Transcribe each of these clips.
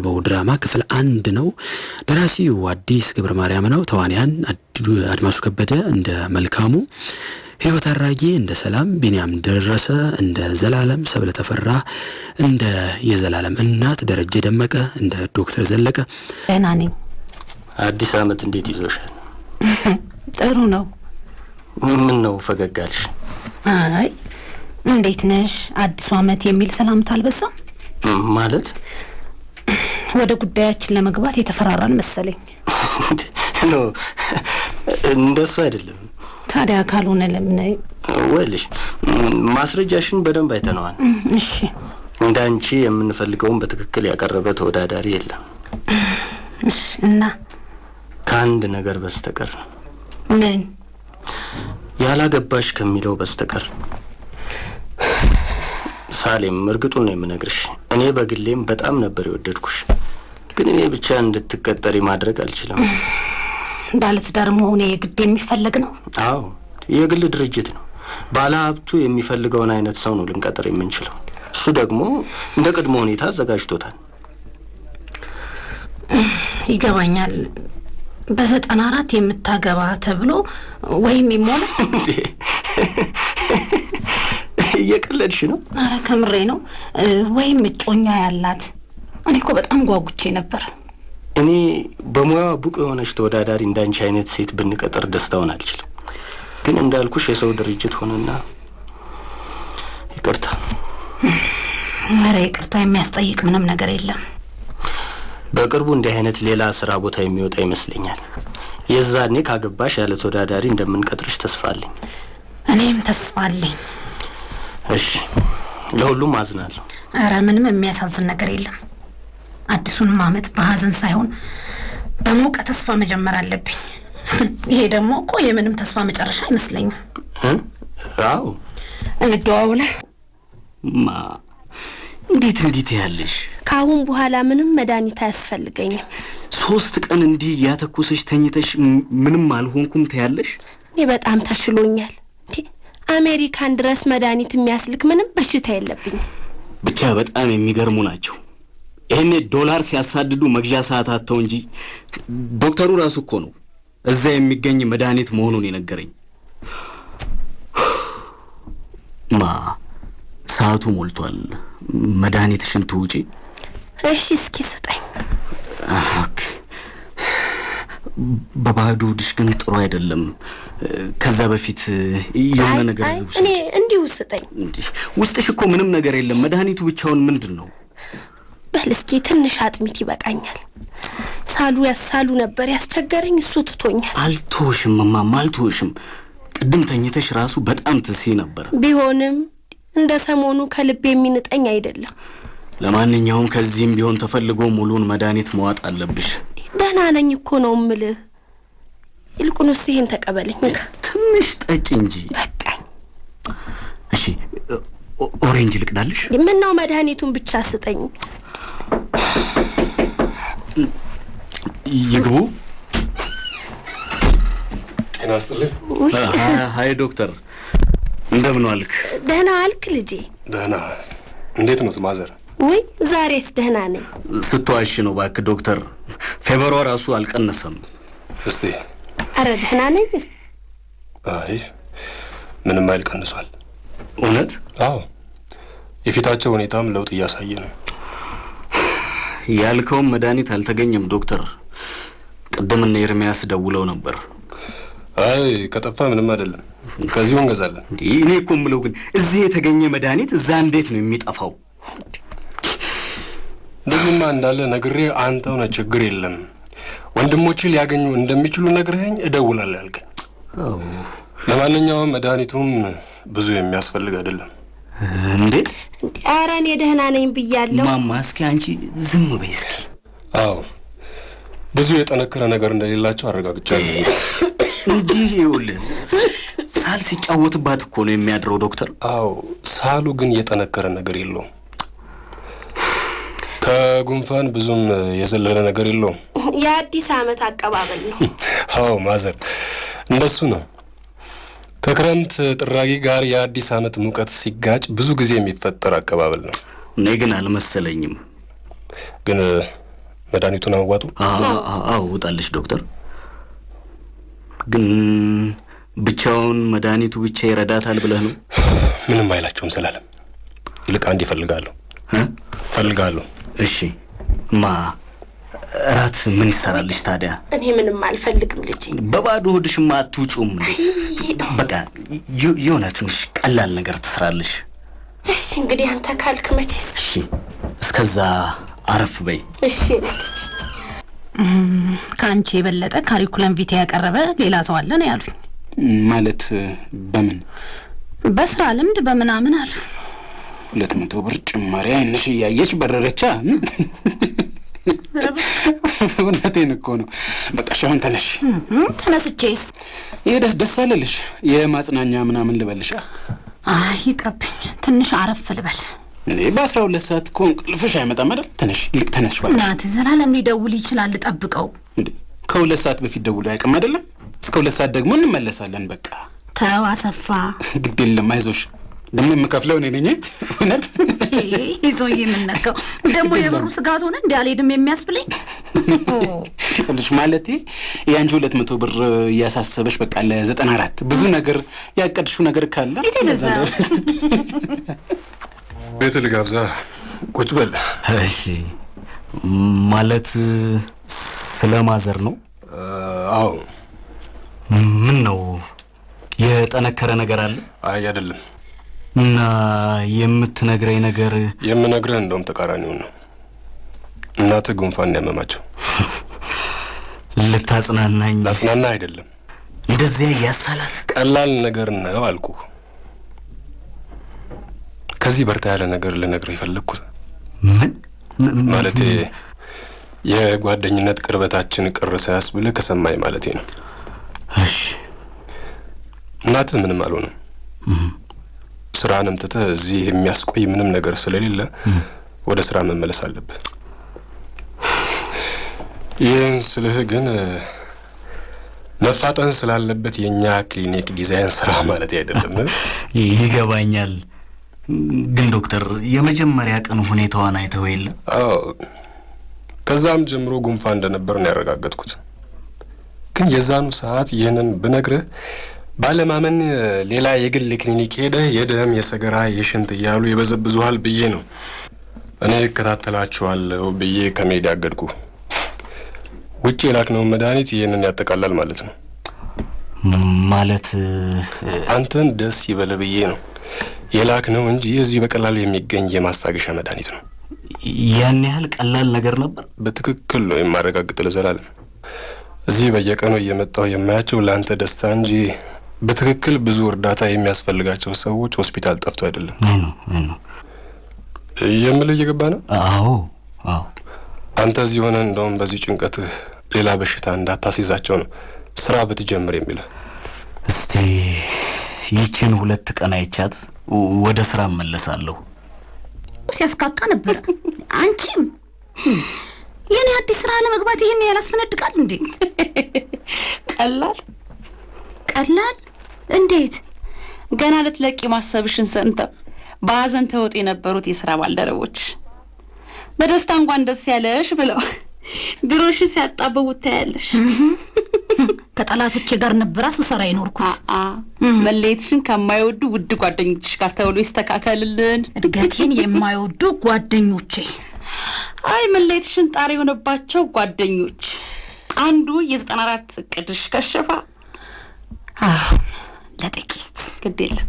የሚቀርበው ድራማ ክፍል አንድ ነው። ደራሲው አዲስ ገብረ ማርያም ነው። ተዋንያን አድማሱ ከበደ እንደ መልካሙ፣ ህይወት አራጌ እንደ ሰላም፣ ቢንያም ደረሰ እንደ ዘላለም፣ ሰብለ ተፈራ እንደ የዘላለም እናት፣ ደረጀ ደመቀ እንደ ዶክተር ዘለቀ። ደህና ነኝ። አዲስ አመት እንዴት ይዞሻል? ጥሩ ነው። ምን ነው ፈገግ አልሽ? አይ እንዴት ነሽ? አዲሱ አመት የሚል ሰላምታ አልበዛም ማለት ወደ ጉዳያችን ለመግባት የተፈራራን መሰለኝ። ኖ እንደሱ አይደለም። ታዲያ ካልሆነ ለምን? ወልሽ ማስረጃሽን በደንብ አይተነዋል። እሺ፣ እንደ አንቺ የምንፈልገውን በትክክል ያቀረበ ተወዳዳሪ የለም። እሺ። እና ከአንድ ነገር በስተቀር ምን? ያላገባሽ ከሚለው በስተቀር ሳሌም፣ እርግጡን ነው የምነግርሽ፣ እኔ በግሌም በጣም ነበር የወደድኩሽ። ግን እኔ ብቻ እንድትቀጠሪ ማድረግ አልችልም። ባለትዳር መሆኔ የግድ የሚፈለግ ነው? አዎ፣ የግል ድርጅት ነው። ባለሀብቱ የሚፈልገውን አይነት ሰው ነው ልንቀጥር የምንችለው። እሱ ደግሞ እንደ ቅድመ ሁኔታ አዘጋጅቶታል። ይገባኛል። በዘጠና አራት የምታገባ ተብሎ ወይም ይሞላ። እየቀለድሽ ነው? አረ ከምሬ ነው። ወይም እጮኛ ያላት እኔ እኮ በጣም ጓጉቼ ነበር። እኔ በሙያዋ ብቁ የሆነች ተወዳዳሪ እንዳንቺ አይነት ሴት ብንቀጥር ደስታውን አልችልም። ግን እንዳልኩሽ የሰው ድርጅት ሆነና ይቅርታ። ኧረ ይቅርታ የሚያስጠይቅ ምንም ነገር የለም። በቅርቡ እንዲህ አይነት ሌላ ስራ ቦታ የሚወጣ ይመስለኛል። የዛኔ ካገባሽ ያለ ተወዳዳሪ እንደምንቀጥርሽ ተስፋ አለኝ። እኔም ተስፋ አለኝ። እሺ፣ ለሁሉም አዝናለሁ። ኧረ ምንም የሚያሳዝን ነገር የለም። አዲሱንም ዓመት በሀዘን ሳይሆን በሞቀ ተስፋ መጀመር አለብኝ። ይሄ ደግሞ እኮ የምንም ተስፋ መጨረሻ አይመስለኝም። አዎ ማ እንዴት እንዲህ ያለሽ? ከአሁን በኋላ ምንም መድኃኒት አያስፈልገኝም። ሶስት ቀን እንዲህ ያተኮሰሽ ተኝተሽ ምንም አልሆንኩም ትያለሽ? እኔ በጣም ተሽሎኛል። አሜሪካን ድረስ መድኃኒት የሚያስልክ ምንም በሽታ የለብኝም። ብቻ በጣም የሚገርሙ ናቸው። ይህኔ ዶላር ሲያሳድዱ መግዣ ሰዓት አተው እንጂ ዶክተሩ ራሱ እኮ ነው እዛ የሚገኝ መድኃኒት መሆኑን የነገረኝ። ማ ሰዓቱ ሞልቷል። ሽንት ውጪ። እሺ፣ እስኪ ስጠኝ። በባዶ ግን ጥሩ አይደለም። ከዛ በፊት የሆነ ነገር እኔ እንዲሁ ስጠኝ። ውስጥሽ እኮ ምንም ነገር የለም። መድኃኒቱ ብቻውን ምንድን ነው? በል እስኪ ትንሽ አጥሚት ይበቃኛል። ሳሉ ያሳሉ ነበር ያስቸገረኝ እሱ ትቶኛል። አልተውሽም እማማ አልተውሽም። ቅድም ተኝተሽ ራሱ በጣም ትሲ ነበር። ቢሆንም እንደ ሰሞኑ ከልብ የሚንጠኝ አይደለም። ለማንኛውም ከዚህም ቢሆን ተፈልጎ ሙሉን መድኃኒት መዋጥ አለብሽ። ደህና ነኝ እኮ ነው እምልህ። ይልቁንስ ይሄን ተቀበለኝ። ትንሽ ጠጭ እንጂ በቃኝ። እሺ ኦሬንጅ ልቅዳልሽ? ምነው መድኃኒቱን ብቻ ስጠኝ። ይግቡ። ጤና ይስጥልኝ። ሀይ ዶክተር፣ እንደምን አልክ? ደህና አልክ ልጄ? ደህና። እንዴት ነው ማዘር? ውይ ዛሬስ ደህና ነኝ። ስትዋሽ ነው እባክህ ዶክተር፣ ፌበሯ ራሱ አልቀነሰም። እስቲ አረ ደህና ነኝ። አይ ምንም አይልቀንሷል። እውነት አዎ የፊታቸው ሁኔታም ለውጥ እያሳየ ነው። ያልከውም መድኃኒት አልተገኘም ዶክተር። ቅድምና ኤርሚያስ ደውለው ነበር። አይ ከጠፋ ምንም አይደለም፣ ከዚሁ እንገዛለን። እኔ እኮ የምለው ግን እዚህ የተገኘ መድኃኒት እዛ እንዴት ነው የሚጠፋው? እንደዚህማ እንዳለ ነግሬ አንተ ሆነ ችግር የለም ወንድሞች ሊያገኙ እንደሚችሉ ነግረኸኝ እደውላለሁ ያልከኝ። ለማንኛውም መድኃኒቱም ብዙ የሚያስፈልግ አይደለም። እንዴ! ኧረ እኔ ደህና ነኝ ብያለሁ። ማማ እስኪ አንቺ ዝም በይ እስኪ። አዎ ብዙ የጠነከረ ነገር እንደሌላቸው አረጋግጫለሁ። እንዲህ ይኸውልህ ሳል ሲጫወትባት እኮ ነው የሚያድረው ዶክተር። አዎ ሳሉ ግን የጠነከረ ነገር የለውም። ከጉንፋን ብዙም የዘለለ ነገር የለውም። የአዲስ ዓመት አቀባበል ነው። አዎ ማዘር እንደሱ ነው። ከክረምት ጥራጊ ጋር የአዲስ ዓመት ሙቀት ሲጋጭ ብዙ ጊዜ የሚፈጠር አቀባበል ነው። እኔ ግን አልመሰለኝም። ግን መድኃኒቱን አዋጡ? አዎ ውጣለች ዶክተር። ግን ብቻውን መድኃኒቱ ብቻ ይረዳታል ብለህ ነው? ምንም አይላቸውም ስላለም። ይልቅ አንድ ይፈልጋሉ ፈልጋሉ። እሺ ማ እራት ምን ይሰራልሽ ታዲያ? እኔ ምንም አልፈልግም ልጄ። በባዶ ሆድሽማ አትውጪውም። በቃ የሆነ ትንሽ ቀላል ነገር ትስራልሽ። እሺ እንግዲህ አንተ ካልክ መቼስ። እሺ እስከዛ አረፍ በይ። እሺ ልጅ። ከአንቺ የበለጠ ካሪኩለም ቪቴ ያቀረበ ሌላ ሰው አለ ነው ያሉኝ። ማለት በምን በስራ ልምድ በምናምን አሉ። ሁለት መቶ ብር ጭማሪ አይነሽ እያየች በረረቻ እውነቴን እኮ ነው። በቃ እሺ፣ አሁን ተነሽ። ተነስቼስ ይሄ ደስ ደስ አለልሽ? የማጽናኛ ምናምን ልበልሻ? አይ ይቅርብኝ፣ ትንሽ አረፍ ልበል። በአስራ ሁለት ሰዓት እኮ እንቅልፍሽ አይመጣም አይደል? ተነሽ፣ ይልቅ ተነሽ። እናት ዘላለም ሊደውል ይችላል፣ ልጠብቀው። ከሁለት ሰዓት በፊት ደውሎ አይቅም አይደለም? እስከ ሁለት ሰዓት ደግሞ እንመለሳለን። በቃ ተው አሰፋ፣ ግድ የለም አይዞሽ ደግሞ የምከፍለው እኔ ነኝ። እውነት ይዞ የምነካው ደግሞ የብሩ ስጋት ሆነ እንዲ አልሄድም የሚያስብለኝ ልሽ ማለቴ የአንቺ ሁለት መቶ ብር እያሳሰበሽ በቃ ለዘጠና አራት ብዙ ነገር ያቀድሽው ነገር ካለ ቤት ልጋብዛ ቁጭ በል። እሺ ማለት ስለ ማዘር ነው? አዎ። ምን ነው የጠነከረ ነገር አለ? አይ አይደለም እና የምትነግረኝ ነገር የምነግረህ እንደውም ተቃራኒውን ነው። እናትህ ጉንፋን ያመማቸው ልታጽናናኝ። ላጽናና አይደለም እንደዚያ እያሳላት ቀላል ነገር ነው አልኩ። ከዚህ በርታ ያለ ነገር ልነግርህ የፈለግኩት ምን ማለቴ የጓደኝነት ቅርበታችን ቅር ሳያስ ብልህ ከሰማኝ ማለቴ ነው። እሺ እናትህ ምንም አልሆነም። ስራንም ትተህ እዚህ የሚያስቆይ ምንም ነገር ስለሌለ ወደ ስራ መመለስ አለብህ። ይህን ስልህ ግን መፋጠን ስላለበት የእኛ ክሊኒክ ዲዛይን ስራ ማለት አይደለም። ይገባኛል። ግን ዶክተር የመጀመሪያ ቀን ሁኔታዋን አይተው የለ? አዎ፣ ከዛም ጀምሮ ጉንፋን እንደነበር ነው ያረጋገጥኩት። ግን የዛኑ ሰዓት ይህንን ብነግርህ ባለማመን ሌላ የግል ክሊኒክ ሄደ የደም የሰገራ የሽንት እያሉ የበዘብዙሃል ብዬ ነው እኔ እከታተላችኋለሁ ብዬ ከመሄድ ያገድኩ። ውጭ የላክነውን መድኃኒት ይህንን ያጠቃላል ማለት ነው። ማለት አንተን ደስ ይበለ ብዬ ነው የላክ ነው እንጂ እዚህ በቀላሉ የሚገኝ የማስታገሻ መድኃኒት ነው። ያን ያህል ቀላል ነገር ነበር። በትክክል ነው የማረጋግጥ። ለዘላለም እዚህ በየቀኑ እየመጣው የማያቸው ለአንተ ደስታ እንጂ በትክክል ብዙ እርዳታ የሚያስፈልጋቸው ሰዎች ሆስፒታል ጠፍቶ አይደለም። የምልህ እየገባ ነው። አዎ አዎ። አንተ እዚህ ሆነ እንደውም በዚህ ጭንቀትህ ሌላ በሽታ እንዳታስይዛቸው ነው ስራ ብትጀምር የሚልህ። እስቲ ይችን ሁለት ቀን አይቻት ወደ ስራ እመለሳለሁ። ሲያስካካ ነበረ። አንቺም የኔ አዲስ ስራ ለመግባት ይህን ያላስፈነድቃል እንዴ? ቀላል ቀላል እንዴት? ገና ልትለቂ ማሰብሽን ሰምተው በሀዘን ተውጥ የነበሩት የሥራ ባልደረቦች በደስታ እንኳን ደስ ያለሽ ብለው ድሮሽ ሲያጣበቡት ታያለሽ። ከጠላቶቼ ጋር ነበራ ስሰራ የኖርኩት። መለየትሽን ከማይወዱ ውድ ጓደኞችሽ ጋር ተብሎ ይስተካከልልን። እድገቴን የማይወዱ ጓደኞቼ። አይ መለየትሽን ጣር የሆነባቸው ጓደኞች አንዱ የዘጠና አራት እቅድሽ ከሸፋ ለጥቂት ግድ የለም።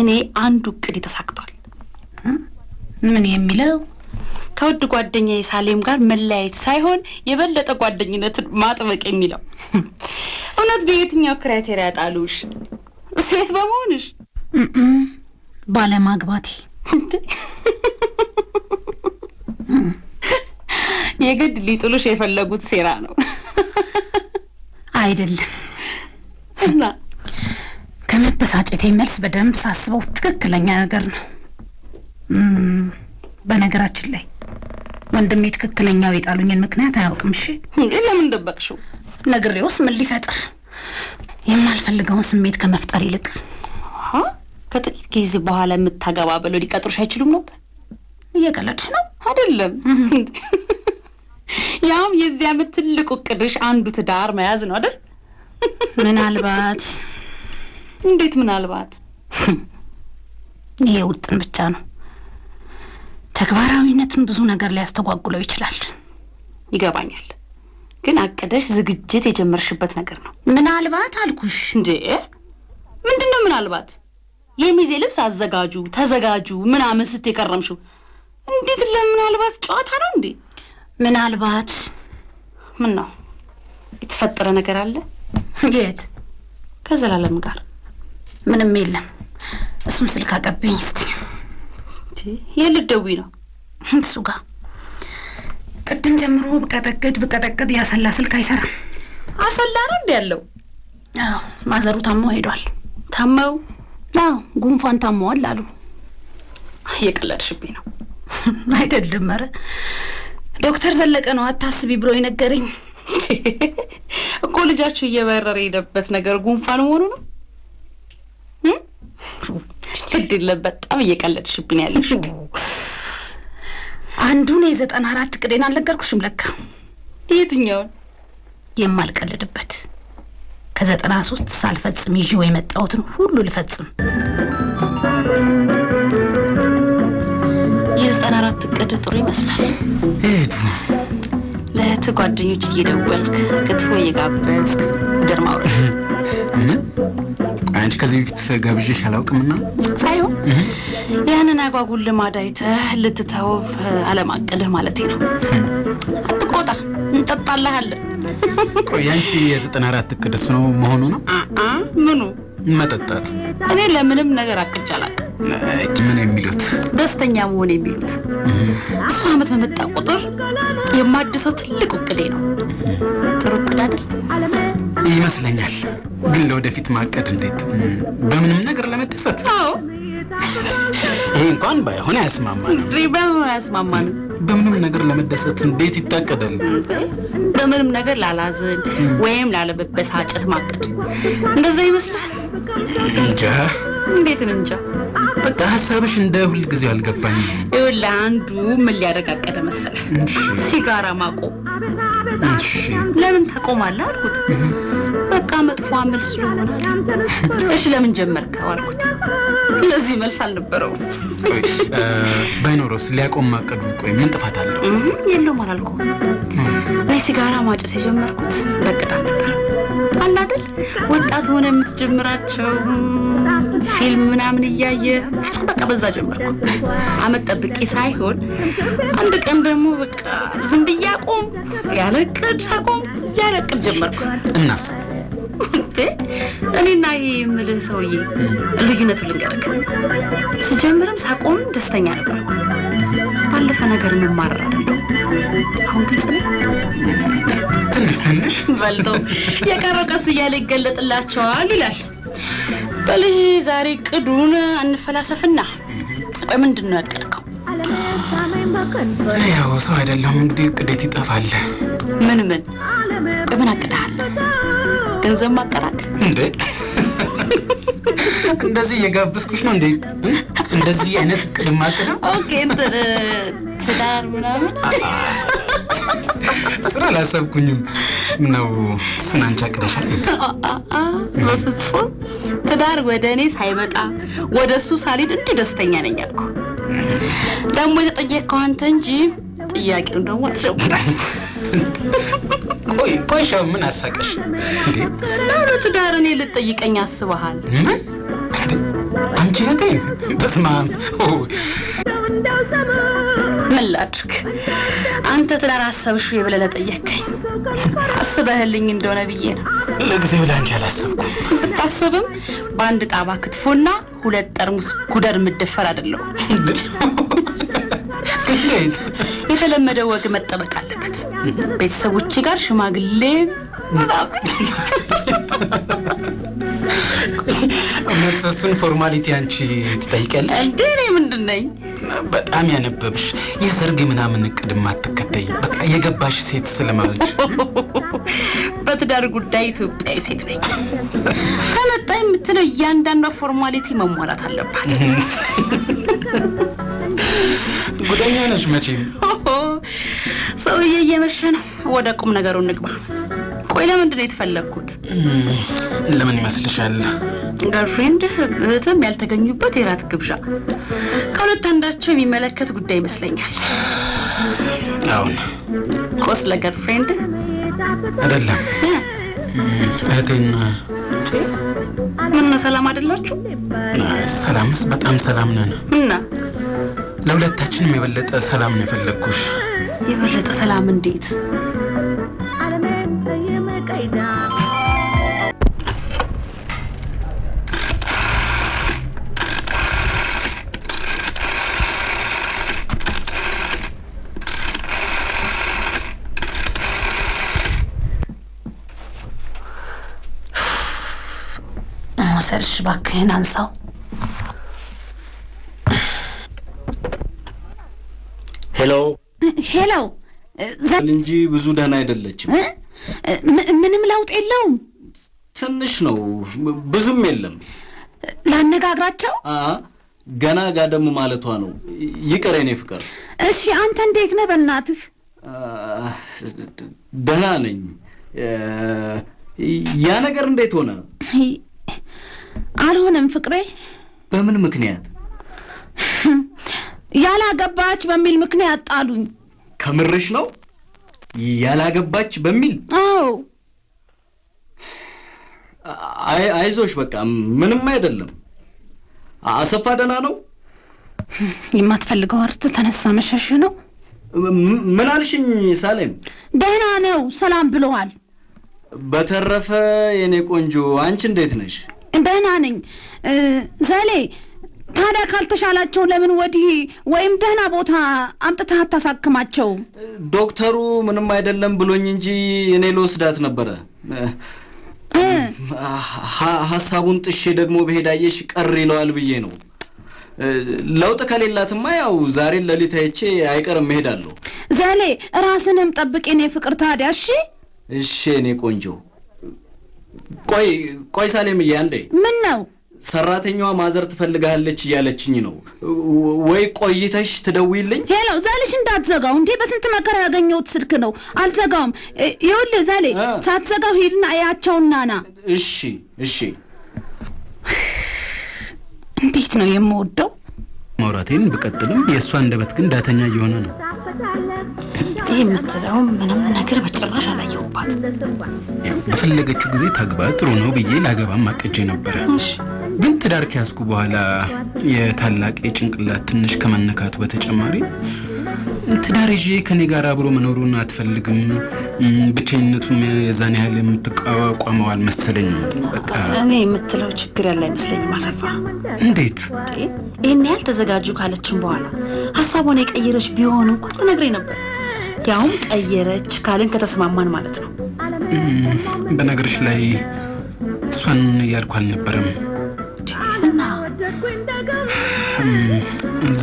እኔ አንዱ እቅድ ተሳክቷል። ምን የሚለው ከውድ ጓደኛ የሳሌም ጋር መለያየት ሳይሆን የበለጠ ጓደኝነትን ማጥበቅ የሚለው። እውነት በየትኛው ክራይቴሪያ ጣሉሽ? ሴት በመሆንሽ? ባለማግባቴ። የግድ ሊጥሉሽ የፈለጉት ሴራ ነው አይደለም? የመበሳጨቴ መልስ በደንብ ሳስበው ትክክለኛ ነገር ነው። በነገራችን ላይ ወንድሜ ትክክለኛው የጣሉኝን ምክንያት አያውቅም። እሺ ለምን ደበቅሽው? ነግሬውስ ምን ሊፈጥር? የማልፈልገውን ስሜት ከመፍጠር ይልቅ ከጥቂት ጊዜ በኋላ የምታገባ ብለው ሊቀጥሩሽ አይችሉም ነበር። እየቀለድሽ ነው አይደለም? ያም የዚህ ዓመት ትልቁ እቅድሽ አንዱ ትዳር መያዝ ነው አይደል? ምናልባት እንዴት? ምናልባት ይሄ ውጥን ብቻ ነው። ተግባራዊነትን ብዙ ነገር ሊያስተጓጉለው ይችላል። ይገባኛል። ግን አቅደሽ ዝግጅት የጀመርሽበት ነገር ነው። ምናልባት አልኩሽ እንዴ። ምንድን ነው ምናልባት? የሚዜ ልብስ አዘጋጁ፣ ተዘጋጁ ምናምን ስት የከረምሽው እንዴት? ለምናልባት ጨዋታ ነው እንዴ? ምናልባት ምን ነው የተፈጠረ ነገር አለ? የት? ከዘላለም ጋር ምንም የለም። እሱን ስልክ አቀብኝ እስቲ። የት ልትደውይ ነው? እሱ ጋር ቅድም ጀምሮ ብቀጠቅጥ ብቀጠቅጥ ያሰላ ስልክ አይሰራም። አሰላ ነው እንዲ ያለው። አዎ ማዘሩ ታሞ ሄዷል። ታመው? አዎ ጉንፋን ታመዋል አሉ። እየቀለድሽብኝ ነው። አይደለም፣ ኧረ ዶክተር ዘለቀ ነው አታስቢ ብሎ የነገረኝ እኮ። ልጃችሁ እየበረረ የሄደበት ነገር ጉንፋን መሆኑ ነው ቀልድ የለም። በጣም እየቀለድሽብኝ ያለሽ አንዱን የዘጠና አራት ቅዴን አልነገርኩሽም ለካ። የትኛውን? የማልቀልድበት ከዘጠና ሶስት ሳልፈጽም ይዤው የመጣሁትን ሁሉ ልፈጽም። የዘጠና አራት ቅድ ጥሩ ይመስላል። እህቱ ለእህት ጓደኞች እየደወልክ ክትፎ እየጋበዝክ ደርማውረ አንቺ ከዚህ በፊት ጋብዤሽ አላውቅምና ያንን አጓጉል ልማድ አይተህ ልትተው አለም ማለት ነው። አትቆጣ እንጠጣልሃለን። ያንቺ አንቺ የዘጠና አራት እቅድ እሱ ነው መሆኑ ነው? ምኑ መጠጣት? እኔ ለምንም ነገር አቅጄ አላውቅም። ምን የሚሉት ደስተኛ መሆን የሚሉት እሱ አመት በመጣ ቁጥር የማድሰው ትልቅ እቅዴ ነው። ጥሩ እቅድ አይደል ይመስለኛል። ግን ለወደፊት ማቀድ እንዴት? በምንም ነገር ለመደሰት? አዎ ይህ እንኳን ባይሆን አያስማማንም። በምን አያስማማንም? በምንም ነገር ለመደሰት እንዴት ይታቀዳል? በምንም ነገር ላላዝን ወይም ላለመበሳጨት ማቀድ እንደዛ ይመስላል እንጃ። እንዴት ነው እንጃ። በቃ ሀሳብሽ እንደ ሁል ጊዜ አልገባኝ። ይኸውልህ አንዱ ምን ሊያረጋቀደ መሰለ ሲጋራ ማቆም። ለምን ታቆማለህ አልኩት። በቃ መጥፎ አመል ስለሆነ። እሺ ለምን ጀመርከው አልኩት። ለዚህ መልስ አልነበረውም። ባይኖሮስ ሊያቆም ማቀዱ ቆይ ምን ጥፋት አለው? የለውም አላልኩም። ወይ ሲጋራ ማጨስ የጀመርኩት በቅጣ ነበር። አለ አይደል? ወጣት ሆነ የምትጀምራቸው ፊልም ምናምን እያየ በቃ በዛ ጀመርኩ። አመት ጠብቄ ሳይሆን አንድ ቀን ደግሞ በቃ ዝም ብዬ አቆም ያለ አቆም ያለቅድ ጀመርኩ። እናስ እኔና ይሄ የምልህ ሰውዬ ልዩነቱ ልንገርክ፣ ስጀምርም ሳቆም ደስተኛ ነበር። ባለፈ ነገር መማረር አሁን ግልጽ ነው። ትንሽ ትንሽ በልተው የቀረው ቀስ እያለ ይገለጥላቸዋል ይላል። በልህ ዛሬ ቅዱን እንፈላሰፍና ቆይ ምንድን ነው ያቀድከው? ያው ሰው አይደለሁም እንግዲህ እቅዴት ይጠፋል። ምን ምን? ቆይ ምን አቅዳሃል? ገንዘብ ማጠራቅ እንዴ? እንደዚህ እየጋበዝኩሽ ነው እንዴ? እንደዚህ አይነት ቅድማ ቅድም ኦኬ፣ ትዳር ምናምን እሱን አላሰብኩኝም ነው። እሱን አንቺ አቅደሻል? በፍጹም ትዳር ወደ እኔ ሳይመጣ ወደ እሱ ሳልሄድ እንዲህ ደስተኛ ነኝ አልኩ። ደግሞ የተጠየቅከው አንተ እንጂ ጥያቄውን ደግሞ ቆይ ቆይ፣ ምን አሳቀሽ? ለሮ ትዳር እኔ ልጠይቀኝ አስበሃል? አንቺ ነኝ። በስመ አብ ምን ላድርግ? አንተ ትላንት አሰብሽው ብለህ ለጠየቀኝ አስበህልኝ እንደሆነ ብዬ ነው። ለጊዜው ላንቺ አላሰብኩም። ብታስብም በአንድ ጣባ ክትፎና ሁለት ጠርሙስ ጉደር የምደፈር አይደለሁም። የተለመደ ወግ መጠበቅ አለበት። ቤተሰቦቼ ጋር ሽማግሌ ምናምን እሱን ፎርማሊቲ አንቺ ትጠይቀለ እንዴ? እኔ ምንድን ነኝ? በጣም ያነበብሽ የሰርግ ምናምን እቅድ ማትከተይ በቃ የገባሽ ሴት ስለማለች በትዳር ጉዳይ ኢትዮጵያዊ ሴት ነኝ። ከመጣ የምትለው እያንዳንዷ ፎርማሊቲ መሟላት አለባት። ጉደኛ ነሽ መቼም። ሰውዬ እየመሸ ነው። ወደ ቁም ነገሩ እንግባ። ቆይ ለምንድን ነው የተፈለግኩት? ለምን ይመስልሻል? ጋርፍሬንድ እህትም ያልተገኙበት የራት ግብዣ ሁለት አንዳቸው የሚመለከት ጉዳይ ይመስለኛል። አሁን ኮስ ፍሬንድ አይደለም እህቴና ምን ነው ሰላም አይደላችሁ? ሰላምስ በጣም ሰላም ነን እና ለሁለታችንም የበለጠ ሰላም ነው የፈለግኩሽ። የበለጠ ሰላም እንዴት? መሰልሽ? ባክህን አንሳው። ሄሎ ሄሎ እንጂ ብዙ ደህና አይደለችም። ምንም ለውጥ የለውም። ትንሽ ነው፣ ብዙም የለም። ላነጋግራቸው ገና ጋደም ማለቷ ነው። ይቅር የኔ ፍቅር። እሺ አንተ እንዴት ነህ? በእናትህ ደህና ነኝ። ያ ነገር እንዴት ሆነ? አልሆነም ፍቅሬ። በምን ምክንያት? ያላገባች በሚል ምክንያት ጣሉኝ። ከምርሽ ነው? ያላገባች በሚል? አዎ። አይ አይዞሽ፣ በቃ ምንም አይደለም። አሰፋ ደህና ነው? የማትፈልገው አርስት ተነሳ መሸሽ ነው። ምን አልሽኝ ሳሌም? ደህና ነው፣ ሰላም ብለዋል። በተረፈ የኔ ቆንጆ አንቺ እንዴት ነሽ? ደህና ነኝ ዘሌ። ታዲያ ካልተሻላቸው ለምን ወዲህ ወይም ደህና ቦታ አምጥተህ አታሳክማቸው? ዶክተሩ ምንም አይደለም ብሎኝ እንጂ እኔ ልወስዳት ነበረ። ሀሳቡን ጥሼ ደግሞ በሄዳየሽ ቀር ይለዋል ብዬ ነው። ለውጥ ከሌላትማ ያው ዛሬን ለሊት አይቼ አይቀርም እሄዳለሁ። ዘሌ ራስንም ጠብቅ የኔ ፍቅር። ታዲያ እሺ፣ እሺ እኔ ቆንጆ ቆይ ቆይ፣ ሳሌም እያንዴ ምን ነው? ሰራተኛዋ ማዘር ትፈልጋለች እያለችኝ ነው። ወይ ቆይተሽ ትደውይልኝ። ሄሎ ዛሌሽ፣ እንዳትዘጋው እንዴ! በስንት መከራ ያገኘሁት ስልክ ነው። አልዘጋውም። ይኸውልህ ዛሌ፣ ሳትዘጋው ሂድና እያቸውና ና። እሺ፣ እሺ። እንዴት ነው የምወደው። ማውራቴን ብቀጥልም የእሷ እንደበት ግን ዳተኛ እየሆነ ነው። የምትለው ምንም ነገር በጭራሽ አላየሁባት። በፈለገችው ጊዜ ታግባ ጥሩ ነው ብዬ ላገባም አቅጄ ነበረ። ግን ትዳር ከያዝኩ በኋላ የታላቅ የጭንቅላት ትንሽ ከመነካቱ በተጨማሪ ትዳር ይዤ ከኔ ጋር አብሮ መኖሩን አትፈልግም፣ ብቸኝነቱም የዛን ያህል የምትቋቋመው አልመሰለኝም። በቃ እኔ የምትለው ችግር ያለ አይመስለኝም። አሰፋ እንዴት ይህን ያህል ተዘጋጁ ካለችን በኋላ ሀሳቡን የቀየረች ቢሆን እንኳን ትነግረኝ ነበር። ያውም ቀየረች ካልን ከተስማማን ማለት ነው። በነገርሽ ላይ እሷን እያልኩ አልነበረም።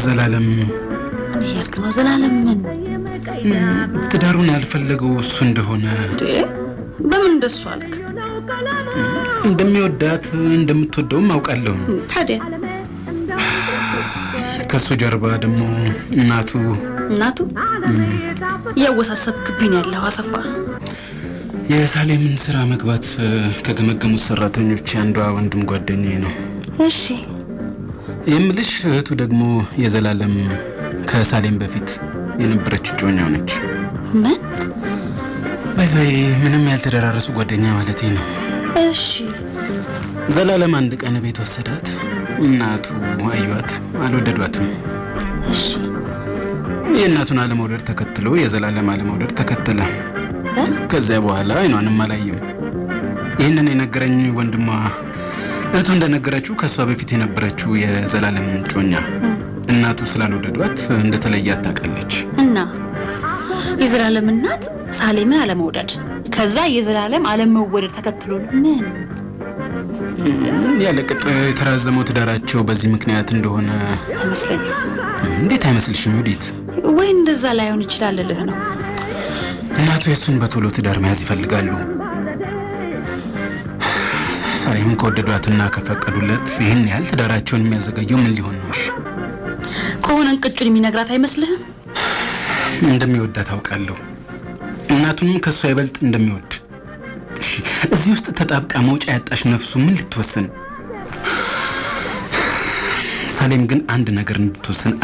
ዘላለም ያልክ ነው። ዘላለም ምን ትዳሩን ያልፈለገው እሱ እንደሆነ በምን እንደሱ አልክ? እንደሚወዳት እንደምትወደውም አውቃለሁ። ታዲያ ከእሱ ጀርባ ደግሞ እናቱ እናቱ እያወሳሰብክብኝ ያለው አሰፋ። የሳሌምን ስራ መግባት ከገመገሙት ሰራተኞች አንዷ ወንድም ጓደኛዬ ነው። እሺ የምልሽ እህቱ ደግሞ የዘላለም ከሳሌም በፊት የነበረች እጮኛው ነች። ምን በዚህ ምንም ያልተደራረሱ ጓደኛ ማለቴ ነው። እሺ ዘላለም አንድ ቀን ቤት ወሰዳት። እናቱ አዩዋት፣ አልወደዷትም። የእናቱን አለመውደድ ተከትሎ የዘላለም አለመውደድ ተከተለ። ከዚያ በኋላ አይኗንም አላየም። ይህንን የነገረኝ ወንድሟ እህቱ እንደነገረችው ከእሷ በፊት የነበረችው የዘላለም ምንጮኛ እናቱ ስላልወደዷት እንደተለያት ታውቃለች። እና የዘላለም እናት ሳሌምን አለመውደድ ከዛ የዘላለም አለመወደድ ተከትሎ ምን ያለቅጥ የተራዘመው ትዳራቸው በዚህ ምክንያት እንደሆነ አይመስለኝም። እንዴት አይመስልሽም ውዲት? ወይ እንደዛ ላይሆን ይችላል ልህ ነው። እናቱ የእሱን በቶሎ ትዳር መያዝ ይፈልጋሉ። ሳሬም ከወደዷትና ከፈቀዱለት ይህን ያህል ትዳራቸውን የሚያዘጋጀው ምን ሊሆን ነው? ከሆነ እንቅጩን የሚነግራት አይመስልህም? እንደሚወዳት አውቃለሁ። እናቱንም ከእሱ አይበልጥ እንደሚወድ እዚህ ውስጥ ተጣብቃ መውጫ ያጣሽ ነፍሱ ምን ልትወስን? ሳሌም ግን አንድ ነገር እንድትወስን